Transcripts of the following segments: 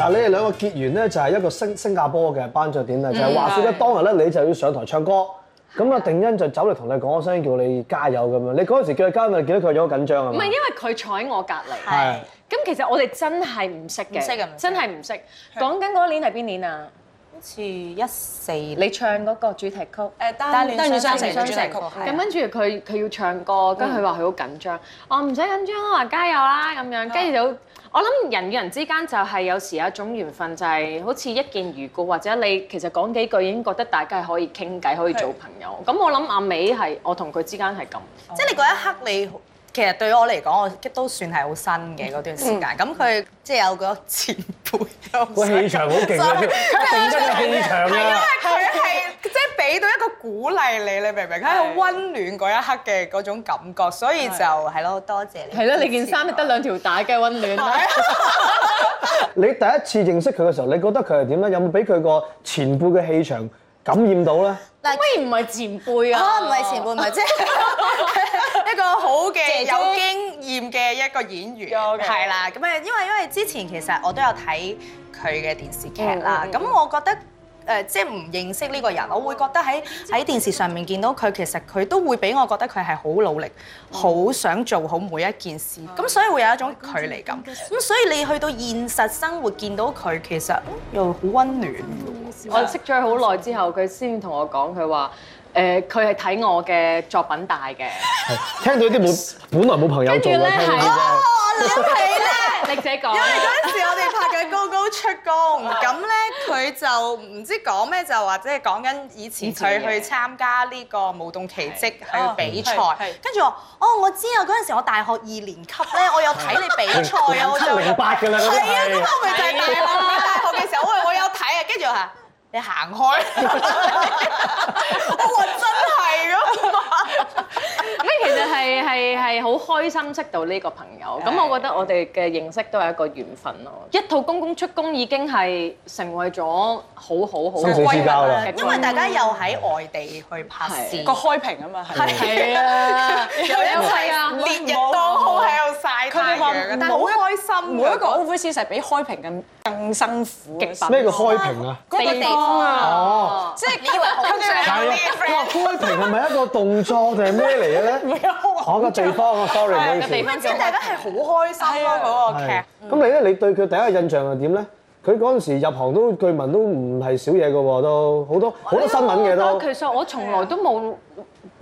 嗱，你哋兩個結緣咧，就係一個新新加坡嘅頒獎典禮，就係話説咧當日咧，你就要上台唱歌，咁啊定欣就走嚟同你講聲叫你加油咁樣。你嗰陣時叫佢加油，見到佢有冇緊張啊？唔係，因為佢坐喺我隔離。係。咁其實我哋真係唔識嘅。唔識㗎？真係唔識。講緊嗰年係邊年啊？好似一四。你唱嗰個主題曲。誒，單戀雙城主題曲，咁跟住佢佢要唱歌，跟住佢話佢好緊張。我唔使緊張啊，話加油啦咁樣，跟住就。我諗人與人之間就係有時有一種緣分，就係好似一見如故，或者你其實講幾句已經覺得大家係可以傾偈，可以做朋友。咁是的 我諗阿美係我同佢之間係咁，即係你嗰一刻你。其實對於我嚟講，我都算係好新嘅嗰段時間。咁佢即係有個前輩，個氣場好勁啊！真係氣場啊！係因為佢係即係俾到一個鼓勵你，你明唔明？係温暖嗰一刻嘅嗰種感覺，所以就係咯，多謝你。係咯，你件衫得兩條帶嘅温暖。你第一次認識佢嘅時候，你覺得佢係點咧？有冇俾佢個前輩嘅氣場感染到咧？嗱，居然唔係前輩啊！唔係前輩，唔係即係。一個好嘅金有經驗嘅一個演員，係啦白，咁誒，因為因為之前其實我都有睇佢嘅電視劇啦，咁、嗯嗯、我覺得誒即係唔認識呢個人，我會覺得喺喺電視上面見到佢，其實佢都會俾我覺得佢係好努力，好、嗯、想做好每一件事，咁、嗯、所以會有一種距離感，咁、嗯嗯、所以你去到現實生活見到佢，其實又好温暖，我識咗佢好耐之後，佢先同我講佢話。誒，佢係睇我嘅作品大嘅。聽到啲冇，本來冇朋友嘅。跟住咧，哦，你係咧，你自己講。因為嗰陣時我哋拍緊《公公出宮》，咁咧佢就唔知講咩，就或者係講緊以前佢去參加呢個舞動奇蹟係比賽。跟住我，哦，我知啊！嗰陣時我大學二年級咧，我有睇你比賽啊！我真係差唔多八噶啦，係啊，咁我咪就係大學。佢大學嘅時候，我我有睇啊，跟住嚇。你行開， 我話真係咯。其實係係係好開心識到呢個朋友，咁我覺得我哋嘅認識都係一個緣分咯。一套公公出宮已經係成為咗好好好貴人啦。因為大家又喺外地去拍攝個開平啊嘛，係啊，係啊，烈日當空喺度曬太陽，好開心。每一個 office 成日比開平更更辛苦勁。咩叫開平啊？個地方啊，哦。即係跟住咧，係啊，開平係咪一個動作定係咩嚟嘅咧？我嘅地方啊，sorry，唔好意思。即係大家係好開心啦，嗰個劇。咁你咧，你對佢第一個印象係點咧？佢嗰陣時入行都據聞都唔係少嘢㗎喎，都好多好多新聞嘅都。其實我從來都冇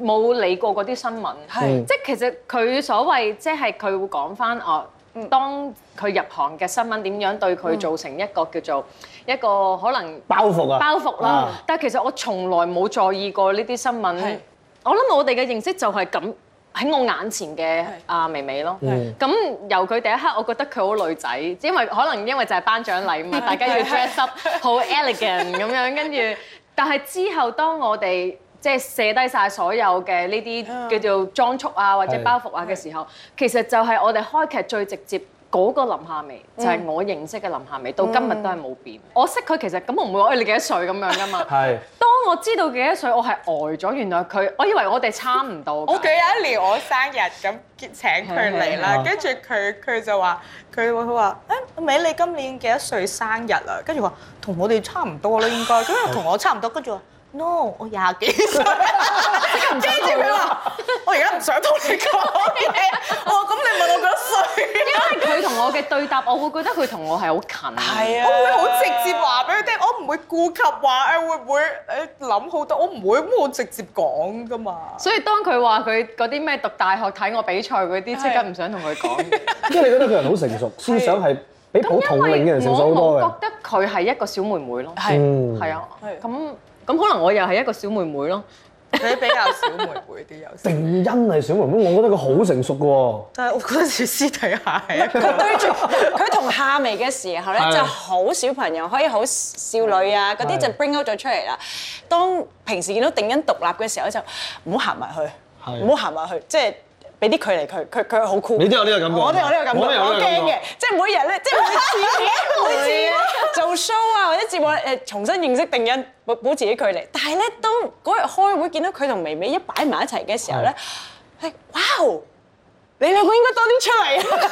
冇理過嗰啲新聞，即係其實佢所謂即係佢會講返哦，當佢入行嘅新聞點樣對佢造成一個叫做一個可能包袱啊，包袱啦。但係其實我從來冇在意過呢啲新聞。我諗我哋嘅認識就係咁喺我眼前嘅阿薇薇咯。咁、嗯、由佢第一刻，我覺得佢好女仔，因為可能因為就係頒獎禮物， 大家要 dress up 好 elegant 咁樣，跟住。但係之後，當我哋即係卸低晒所有嘅呢啲叫做裝束啊或者包袱啊嘅時候，是其實就係我哋開劇最直接。嗰個林夏薇就係我認識嘅林夏薇，到今日都係冇變。我識佢，其實咁我唔會話誒，你幾多歲咁樣㗎嘛。係。當我知道幾多歲，我係呆咗。原來佢，我以為我哋差唔多。我記得有一年我生日，咁請佢嚟啦，跟住佢佢，就話佢會佢話，誒薇，你今年幾多歲生日啊？跟住話同我哋差唔多啦應該，跟住同我差唔多，跟住話 No，我廿幾歲，跟住話。我而家唔想同你講嘢。 哦，咁你問我幾多歲？因為佢同我嘅對答，我會覺得佢同我係好近。係啊。 我會好直接話俾佢聽，我唔會顧及話誒會唔會誒諗好多，我唔會咁我直接講㗎嘛。所以當佢話佢嗰啲咩讀大學睇我比賽嗰啲，即刻唔想同佢講。即係的你覺得佢人好成熟，思想係比同齡嘅人成熟好多嘅。的我覺得佢係一個小妹妹咯。係。係啊。係。咁咁可能我又係一個小妹妹咯。你 比較小妹妹啲，有定欣係小妹妹，我覺得佢好成熟嘅喎。但係嗰陣時私底下， 佢對住佢同夏薇嘅時候咧， 就好小朋友，可以好少女啊，嗰啲的就 bring out 咗出嚟啦。的當平時見到定欣獨立嘅時候，就唔好行埋去，唔好行埋去，即係。俾啲距離佢，佢佢好酷。你都有呢個感覺，我都有呢個感覺，我好驚嘅。即係每日咧，即係每次，每次做 show 啊，或者節目誒，重新認識定欣，保保持啲距離。但係咧，當嗰日開會見到佢同薇薇一擺埋一齊嘅時候咧，係，哇你兩個應該多啲出嚟。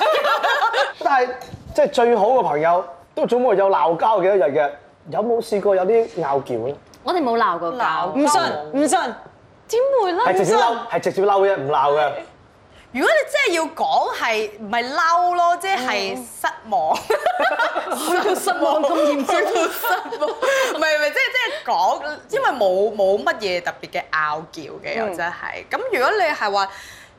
但係即係最好嘅朋友都總會有鬧交幾多日嘅，有冇試過有啲拗撬？我哋冇鬧過交，唔信唔信？點會咧？係直接嬲，係直接嬲嘅，唔鬧嘅。即係要講係，唔係嬲咯，即係失望，好 失望，咁嚴重，失望，唔係唔係，即係即係講，因為冇冇乜嘢特別嘅拗撬嘅又真係，咁 如果你係話。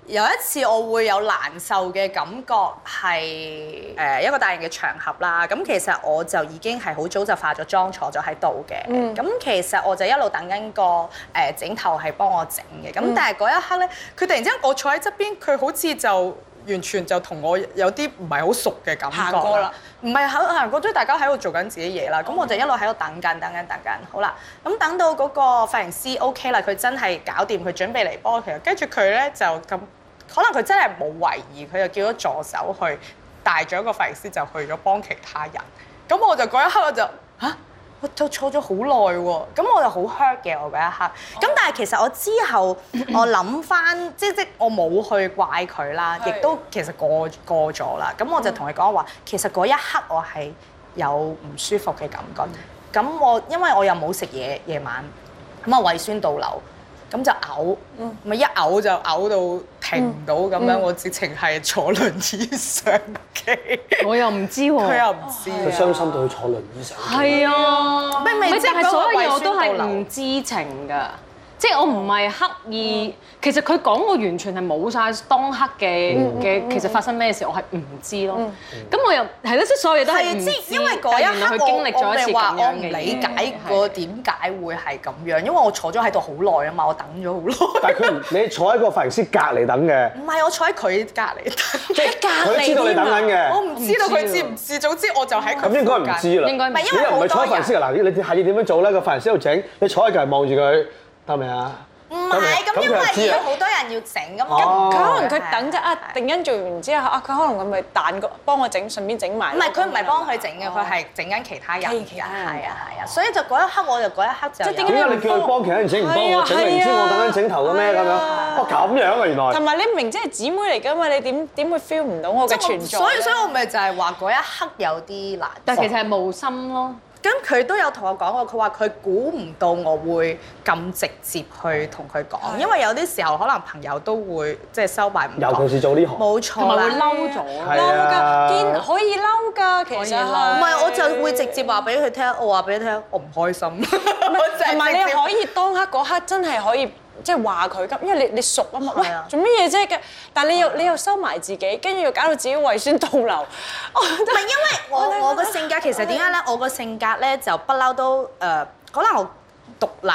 有一次我會有難受嘅感覺係，誒，一個大型嘅場合啦，咁其實我就已經係好早就化咗妝坐咗喺度嘅，咁、嗯、其實我就一路等緊個誒整頭係幫我整嘅，咁但係嗰一刻呢，佢突然之間我坐喺側邊，佢好似就。完全就同我有啲唔係好熟嘅感覺啦，唔係行行過得大家喺度做緊自己嘢啦。咁、嗯、我就一路喺度等緊等緊等緊。好啦，咁等，等，等到嗰個髮型師 OK 啦，佢真係搞掂，佢準備嚟幫佢。跟住佢咧就咁，可能佢真係冇懷疑，佢就叫咗助手去帶咗一個髮型師就去咗幫其他人。咁我就嗰一刻我就。坐我都錯咗好耐喎，咁我又好 hurt 嘅，我嗰一刻。咁但係其實我之後我諗翻，即即我冇去怪佢啦，亦都其實過過咗啦。咁我就同佢講話，其實嗰一刻我係有唔舒服嘅感覺。咁我因為我又冇食嘢夜晚，咁我胃酸倒流。咁就嘔，咪一嘔就嘔到停唔到咁樣，嗯、我直情係坐輪椅上機，嗯。 我又唔知喎，佢又唔知，佢、啊、傷心到去坐輪椅上機。係啊，明明即係所有嘢我都係唔知情㗎。即係我唔係刻意，其實佢講我完全係冇晒當刻嘅嘅，其實發生咩事我係唔知咯。咁我又係咯，即所有嘢都係唔知。因為嗰一刻我經歷咗，你話我唔理解個點解會係咁樣，因為我坐咗喺度好耐啊嘛，我等咗好耐。但係佢你坐喺個髮型師隔離等嘅？唔係，我坐喺佢隔離等，即隔離。佢知道你等緊嘅。我唔知道佢知唔知，總之我就喺隔。咁應該唔知啦，因為你又唔係坐喺髮型師嗱，你你係要點樣做咧？個髮型師喺度整，你坐喺隔離望住佢。係咪？啊？唔係，咁因為而家好多人要整噶嘛。咁佢可能佢等啫啊，定欣做完之後啊，佢可能佢咪彈個幫我整，順便整埋。唔係，佢唔係幫佢整嘅，佢係整緊其他人。係啊，啊，係啊，所以就嗰一刻我就嗰一刻就。即係點解你叫佢幫其他人整唔幫我整完先？我等緊整頭嘅咩咁樣？哇，咁樣啊原來！同埋你明知係姊妹嚟噶嘛？你點點會 feel 唔到我嘅存在？所以所以，我咪就係話嗰一刻有啲難，但其實係無心咯。咁佢都有同我講過，佢話佢估唔到我會咁直接去同佢講，對 因為有啲時候可能朋友都會即係收埋唔同，尤其係做呢行，冇錯啦，會嬲咗，嬲㗎，對 見可以嬲㗎，其實唔係對，我就會直接話俾佢聽，我話俾你聽，我唔開心，唔係是你可以當刻嗰刻真係可以。即係話佢咁，因為你你熟啊嘛，喂，做咩嘢啫？但係你又你又收埋自己，跟住又搞到自己胃酸倒流。唔係因為我我個性格其實點解咧？我個性格咧就不嬲都誒，可能獨立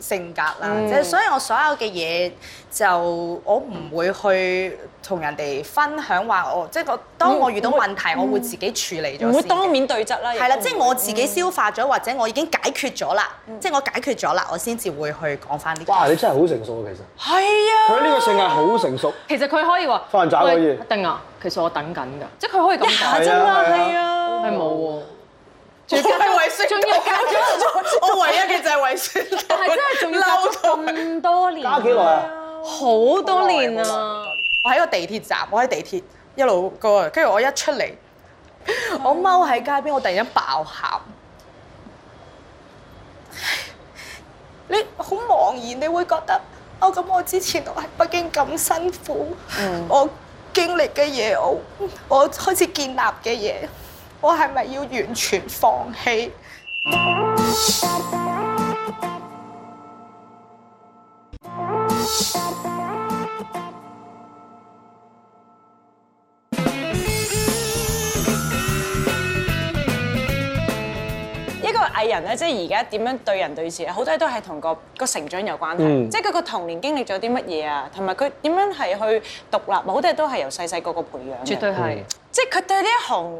性格啦，即係所以我所有嘅嘢就我唔會去。同人哋分享話我，即係我當我遇到問題，我會自己處理咗先。會當面對質啦，係啦，即係我自己消化咗，或者我已經解決咗啦，即係我解決咗啦，我先至會去講翻呢啲。哇！你真係好成熟啊，其實。係啊。佢呢個性格好成熟。其實佢可以話。翻人渣可以。定啊！其實我等緊㗎，即係佢可以咁打啫嘛。係啊。係冇喎。仲要加咗我唯一嘅就係為食。但係真係仲要嬲咁多年。加幾耐啊？好多年啊！我喺個地鐵站，我喺地鐵一路過，跟住我一出嚟，的我踎喺街邊，我突然間爆喊， 你好茫然，你會覺得，哦，咁我之前我喺北京咁辛苦，嗯、我經歷嘅嘢，我我開始建立嘅嘢，我係咪要完全放棄？ 藝人咧，即係而家點樣對人對事，好多嘢都係同個個成長有關係，嗯、即係佢個童年經歷咗啲乜嘢啊，同埋佢點樣係去獨立，好多嘢都係由細細個個培養嘅。絕對係，嗯、即係佢對呢一行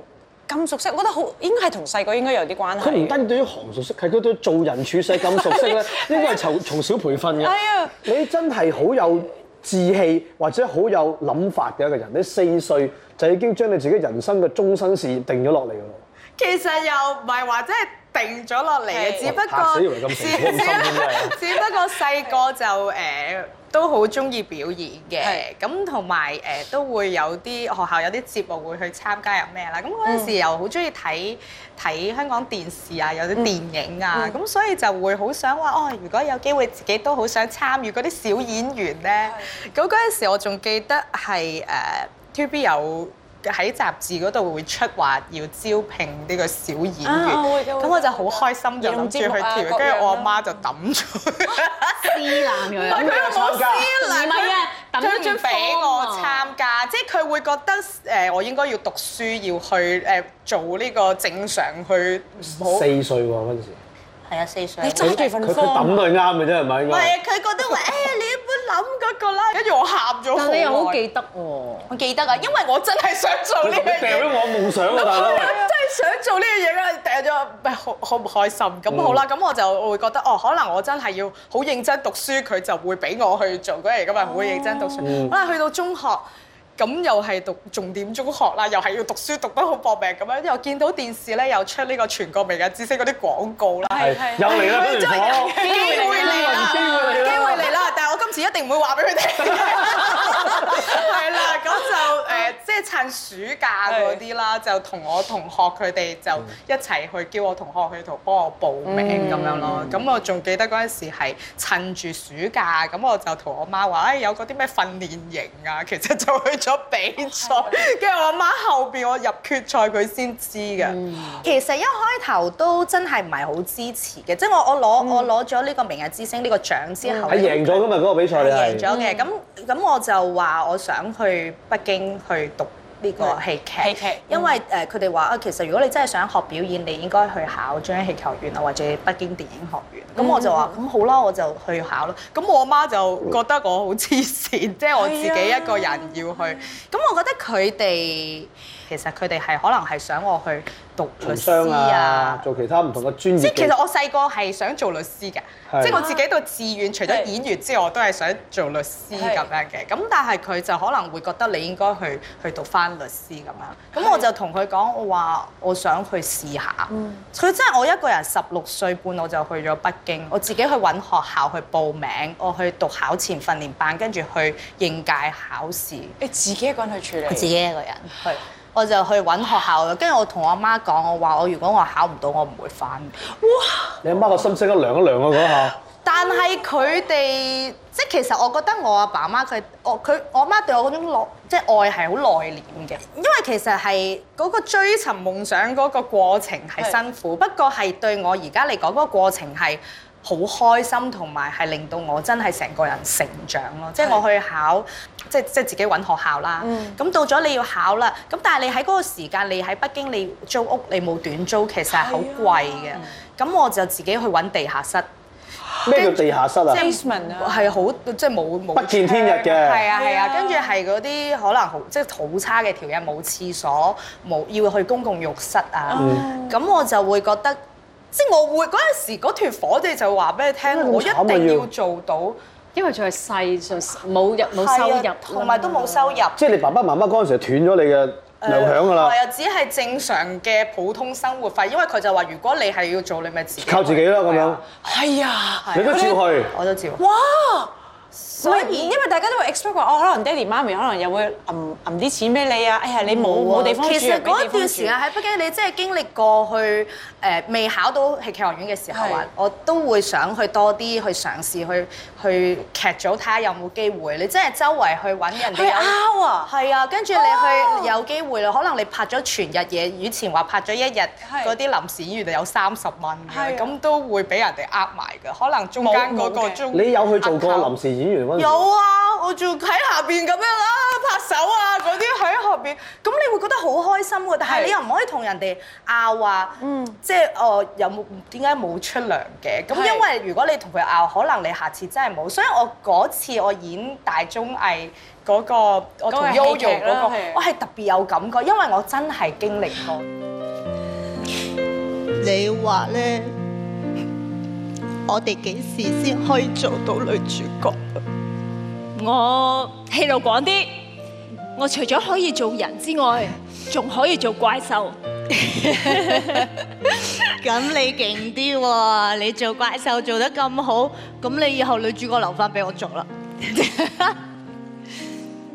咁熟悉，我覺得好應該係同細個應該有啲關係。佢唔單止對於行熟悉，係佢對做人處世咁熟悉咧， 對 應該係從從小培訓嘅。係對啊，你真係好有志氣或者好有諗法嘅一個人，你四歲就已經將你自己人生嘅終身事業定咗落嚟㗎咯。其實又唔係，話，即係。定咗落嚟，是只不過 只不過細個就誒都好中意表演嘅，咁同埋誒都會有啲學校有啲節目會去參加入咩啦。咁嗰陣時又好中意睇睇香港電視啊，有啲電影啊，咁是所以就會好想話哦，如果有機會自己都好想參與嗰啲小演員呢。咁嗰陣時我仲記得係誒 T V B 有。喺雜誌嗰度會出話要招聘呢個小演員，咁我就好開心就諗住去跳，跟住我阿媽就抌咗。佢，欄㗎，唔係佢冇私欄，唔係啊，抌咗份科。俾我參加，即係佢會覺得誒我應該要讀書，要去誒做呢個正常去。四歲喎，嗰陣時。係啊，四歲。你早住瞓覺？佢抌對啱嘅啫，係咪？唔係，佢覺得我誒你。諗嗰個啦，跟住我喊咗。但你又好記得喎，我記得啊，因為我真係想做呢樣嘢。我夢想真係想做呢樣嘢啊！掟咗，唔好好唔開心。咁好啦，咁我就會覺得哦，可能我真係要好認真讀書，佢就會俾我去做嗰樣嘢。咁咪好認真讀書。可能、哦、去到中學。咁 又係讀重點中學啦，又係要讀書讀得好搏命咁樣，又見到電視咧又出呢個全國明日之星嗰啲廣告啦，係係有嚟啦，機會嚟啦，機會嚟啦，但係我今次一定唔會話俾佢聽。 係 啦，咁就誒， 即係趁暑假嗰啲啦， 就同我同學佢哋就一齊去，叫我同學去度幫我報名咁、嗯、樣咯。咁我仲記得嗰陣時係趁住暑假，咁我就同我媽話：誒有嗰啲咩訓練營啊，其實就去咗比賽。跟住我媽後邊，我入決賽佢先知嘅。嗯、其實一開頭都真係唔係好支持嘅，即係我、嗯、我攞我攞咗呢個明日之星呢、呢個獎之後，係、嗯、贏咗今日嗰個比賽係贏咗嘅。咁咁我就話我，想去北京去讀呢個戲劇，因為誒佢哋話啊，其實如果你真係想學表演，嗯、你應該去考中央戲劇學院啊，或者北京電影學院。咁、嗯、我就話，咁、嗯、好啦，我就去考咯。咁我阿媽就覺得我好痴線，即係的我自己一個人要去。咁我覺得佢哋其實，佢哋係可能係想我去讀律師啊，做其他唔同嘅專業。即係其實我細個係想做律師嘅，是即係我自己到志願是除咗演員之外，我都係想做律師咁樣嘅。咁是但係佢就可能會覺得你應該去去讀返律師咁樣。咁我就同佢講，我話我想去試下。佢是真係我一個人十六歲半我就去咗北京，我自己去揾學校去報名，我去讀考前訓練班，跟住去應屆考試。你自己一個人去處理。我自己一個人，係。我就去揾學校，我跟住我同我媽講，我話我如果我考唔到，我唔會翻。哇！你阿媽個心識得涼一涼啊！嗰下。但係佢哋，即係其實我覺得我阿爸媽佢，我佢我媽對我嗰種即係愛係好內斂嘅。因為其實係嗰個追尋夢想嗰個過程係辛苦，是不過係對我而家嚟講嗰個過程係。好開心同埋係令到我真係成個人成長咯，即係是我去考，即係即係自己揾學校啦。咁、嗯、到咗你要考啦，咁但係你喺嗰個時間，你喺北京你租屋你冇短租，其實係好貴嘅。咁、嗯、我就自己去揾地下室。咩叫地下室啊？Basement 啊，係好即係冇冇。不、就是就是、見天日嘅。係啊係啊，跟住係嗰啲可能好即係好差嘅條件，冇廁所，冇要去公共浴室啊。咁、嗯、我就會覺得。即係我會嗰陣時嗰團火，我哋就話俾你聽，我一定要做到。因為仲係細，仲冇入冇收入，同埋都冇收入。即係你爸爸媽媽嗰陣時斷咗你嘅糧餉㗎啦。又只係正常嘅普通生活費，因為佢就話如果你係要做，你咪自靠自己啦咁樣。係啊，你都照去，我都照。哇！所以，因為大家都會 expect 話，可能爹哋媽咪可能又會揞揞啲錢俾你啊！哎呀，你冇冇地方住啊。其實嗰段時間喺北京，你即係經歷過去，誒，未考到戲劇學院嘅時候啊，是的 我都會想去多啲去嘗試去。去劇組睇下有冇機會，你真係周圍去揾人哋。蝦啊！係啊，跟住你去有機會啦。可能你拍咗全日嘢，以前話拍咗一日嗰啲臨時演員就有三十蚊，咁都的會俾人哋呃埋㗎。可能中間嗰個中，你有去做過臨時演員嗎？有啊。我仲喺下邊咁樣啦，拍手啊嗰啲喺下邊，咁你會覺得好開心嘅。但係你又唔可以同人哋拗話，即係呃有冇點解冇出糧嘅？咁因為如果你同佢拗，可能你下次真係冇。所以我嗰次我演大綜藝嗰個，我同 Yoyo 嗰個，我係特別有感覺，因為我真係經歷過。你話咧，我哋幾時先可以做到女主角？我戲路廣啲，我除咗可以做人之外，仲可以做怪獸。咁你勁啲喎，你做怪獸做得咁好，咁你以後女主角留翻俾我做啦。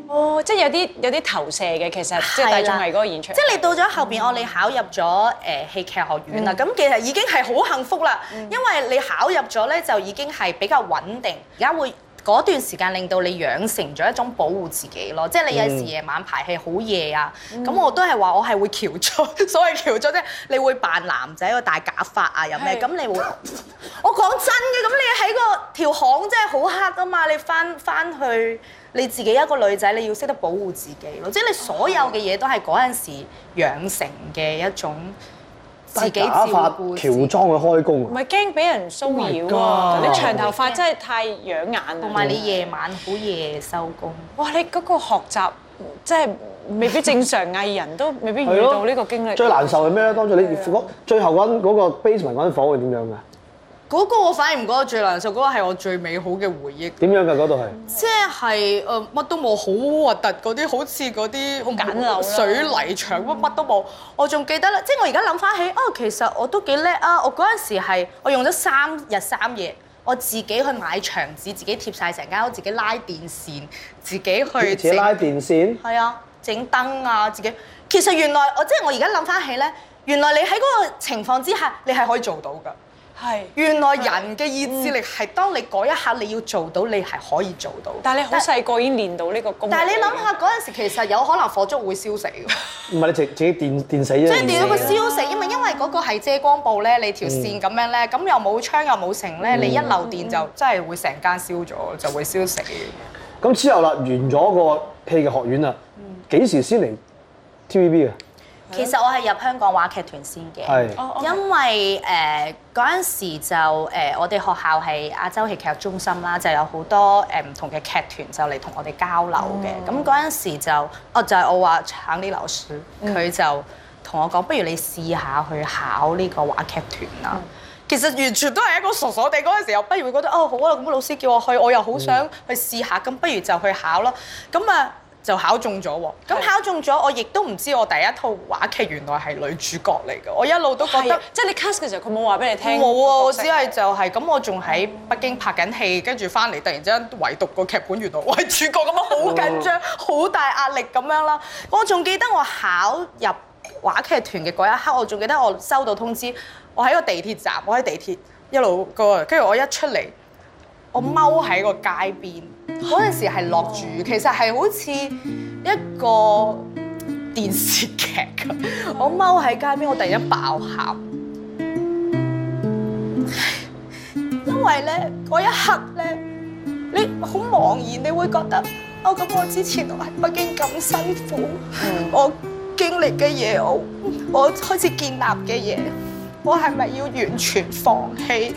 哦，即係有啲有啲投射嘅，其實即係大眾藝嗰個演出。即係你到咗後邊，我哋考入咗誒戲劇學院啦，咁其實已經係好幸福啦，因為你考入咗咧就已經係比較穩定，而家會。嗰段時間令到你養成咗一種保護自己咯，即係你有陣時夜晚排戲好夜啊，咁，嗯，我都係話我係會喬裝，所謂喬裝即係你會扮男仔個大假髮啊，有咩咁你會？我講真嘅，咁你喺個條巷真係好黑噶嘛，你翻翻去你自己一個女仔，你要識得保護自己咯，即係你所有嘅嘢都係嗰陣時養成嘅一種。自己打發，喬裝去開工。唔係驚俾人騷擾啊！Oh、my 你長頭髮真係太養眼，同埋你夜晚好夜收工。哇！你嗰個學習真係未必正常藝人 都未必遇到呢個經歷。最難受係咩咧？ 當住你，對最後嗰個 basement 嗰間房係點樣㗎？嗰個我反而唔覺得最難受，嗰個係我最美好嘅回憶。點樣㗎？嗰度係即係誒乜都冇，好核突嗰啲，好似嗰啲好簡陋水泥牆乜乜都冇。我仲記得咧，即係我而家諗翻起，哦，其實我都幾叻啊！我嗰陣時係我用咗三日三夜，我自己去買牆紙，自己貼晒成間屋，自己拉電線，自己去。而且拉電線。係啊，整燈啊，自己。其實原來我即係我而家諗翻起咧，原來你喺嗰個情況之下，你係可以做到㗎。係，是原來人嘅意志力係當你嗰一刻、嗯、你要做到，你係可以做到。但係你好細個已經練到呢個功。但係你諗下嗰陣時，其實有可能火燭會燒死㗎。唔係， 你自自己電電死啫。即係電到佢燒死，死因為因為嗰個係遮光布咧，嗯、你條線咁樣咧，咁又冇窗又冇情咧，嗯、你一漏電就真係會成間燒咗，就會燒死。咁、嗯、之後啦，完咗個戲嘅學院啦，幾時先嚟 TVB 嘅？其實我係入香港話劇團先嘅。的因為誒嗰陣時就誒我哋學校係亞洲戲劇中心啦，就有好多誒唔同嘅劇團就嚟同我哋交流嘅，咁嗰陣時就哦，就係、是、我話搶啲流水老師，佢就同我講、嗯，不如你試下去考呢個話劇團啦。嗯、其實完全都係一個傻傻地嗰陣時，又不如會覺得哦、oh, 好啊，咁老師叫我去，我又好想去試下，咁、嗯、不如就去考咯。咁啊～就考中咗喎！咁的考中咗，我亦都唔知我第一套話劇原來係女主角嚟嘅。我一路都覺得，即係你 cast 嘅時候，佢冇話俾你聽，冇啊、哦，只係就係、是、咁，我仲喺北京拍緊戲，跟住翻嚟，突然之間唯獨個劇本原來，我係主角，咁樣好緊張，好大壓力咁樣啦。我仲記得我考入話劇團嘅嗰一刻，我仲記得我收到通知，我喺個地鐵站，我喺地鐵一路過，跟住我一出嚟。我踎喺個街邊，嗰陣的時係落雨，其實係好似一個電視劇咁。的我踎喺街邊，我突然間爆喊，的因為咧嗰一刻咧，你好茫然，你會覺得哦，咁，我之前喺北京咁辛苦，我經歷嘅嘢，我我開始建立嘅嘢。我係咪要完全放棄？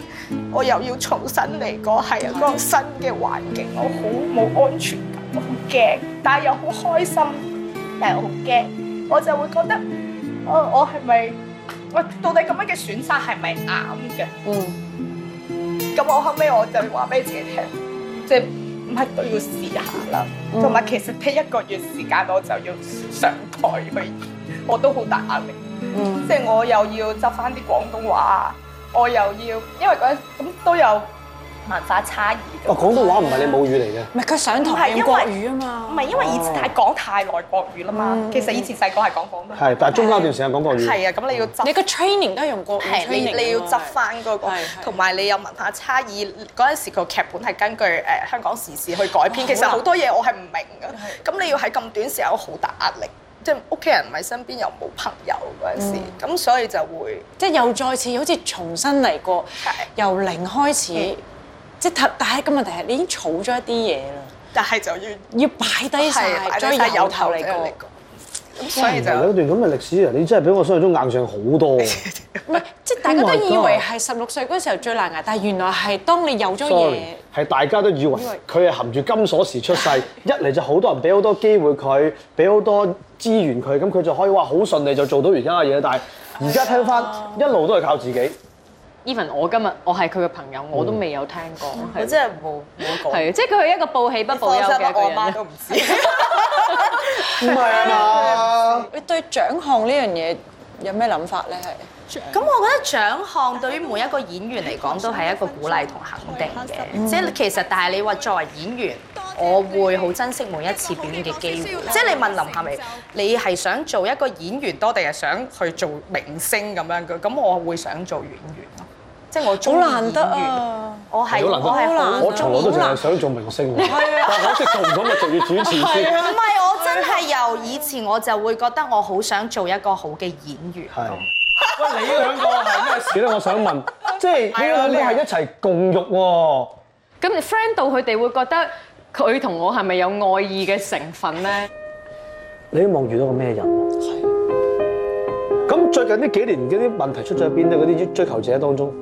我又要重新嚟過，係一個新嘅環境，我好冇安全感，我好驚，但係又好開心，但係好驚，我就會覺得，哦，我係咪，我到底咁樣嘅選擇係咪啱嘅？嗯。咁我後尾我就話俾自己聽，即係唔係都要試下啦。同埋、嗯、其實聽一個月時間我就要上台去，我都好大壓力。嗯，即係我又要執翻啲廣東話我又要，因為嗰陣咁都有文化差異嘅。哦，廣東話唔係你母語嚟嘅。唔係，佢上堂係因為國語啊嘛。唔係因為以前太講太耐國語啦嘛。其實以前細個係講廣東。係，但係中間段時間講國語。係啊，咁你要你個 training 都係用國語，你你要執翻嗰個，同埋你有文化差異。嗰陣時個劇本係根據誒香港時事去改編，其實好多嘢我係唔明㗎。咁你要喺咁短時間好大壓力。即係屋企人唔喺身邊又冇朋友嗰陣時，咁、嗯、所以就會即係又再次好似重新嚟過，的由零開始，嗯、即係但係個問題係你已經儲咗一啲嘢啦，但係就要要擺低所以曬，由頭嚟過。所以就嗰段咁嘅歷史啊，你真係比我想象中硬上好多。唔係， 即係大家都以為係十六歲嗰時候最難捱，但係原來係當你有咗嘢，係大家都以為佢係為含住金鎖匙出世，一嚟就好多人俾好多機會佢，俾好多資源佢，咁佢就可以話好順利就做到而家嘅嘢。但係而家聽翻，一路都係靠自己。even 我今日我係佢嘅朋友，我都未有聽過。我真係冇冇講。係，即係佢係一個報喜不報憂嘅一個人。我媽都唔知。唔係啊嘛。你對獎項呢樣嘢有咩諗法咧？係。咁我覺得獎項對於每一個演員嚟講都係一個鼓勵同肯定嘅。即係其實，但係你話作為演員，我會好珍惜每一次表演嘅機會。即係你問林夏薇，你係想做一個演員多定係想去做明星咁樣？咁我會想做演員。即係我好難得啊！我係好難，我係好難我從來都淨係想做明星，但係我接受唔到咪就要自己主持？唔係，我真係由以前我就會覺得我好想做一個好嘅演員。係，喂，你兩個係咩事咧？我想問，即係你兩呢係一齊共浴喎。咁你 friend 到佢哋會覺得佢同我係咪有愛意嘅成分咧？你希望遇到個咩人？係。咁最近呢幾年嗰啲問題出咗喺邊咧？嗰啲追求者當中。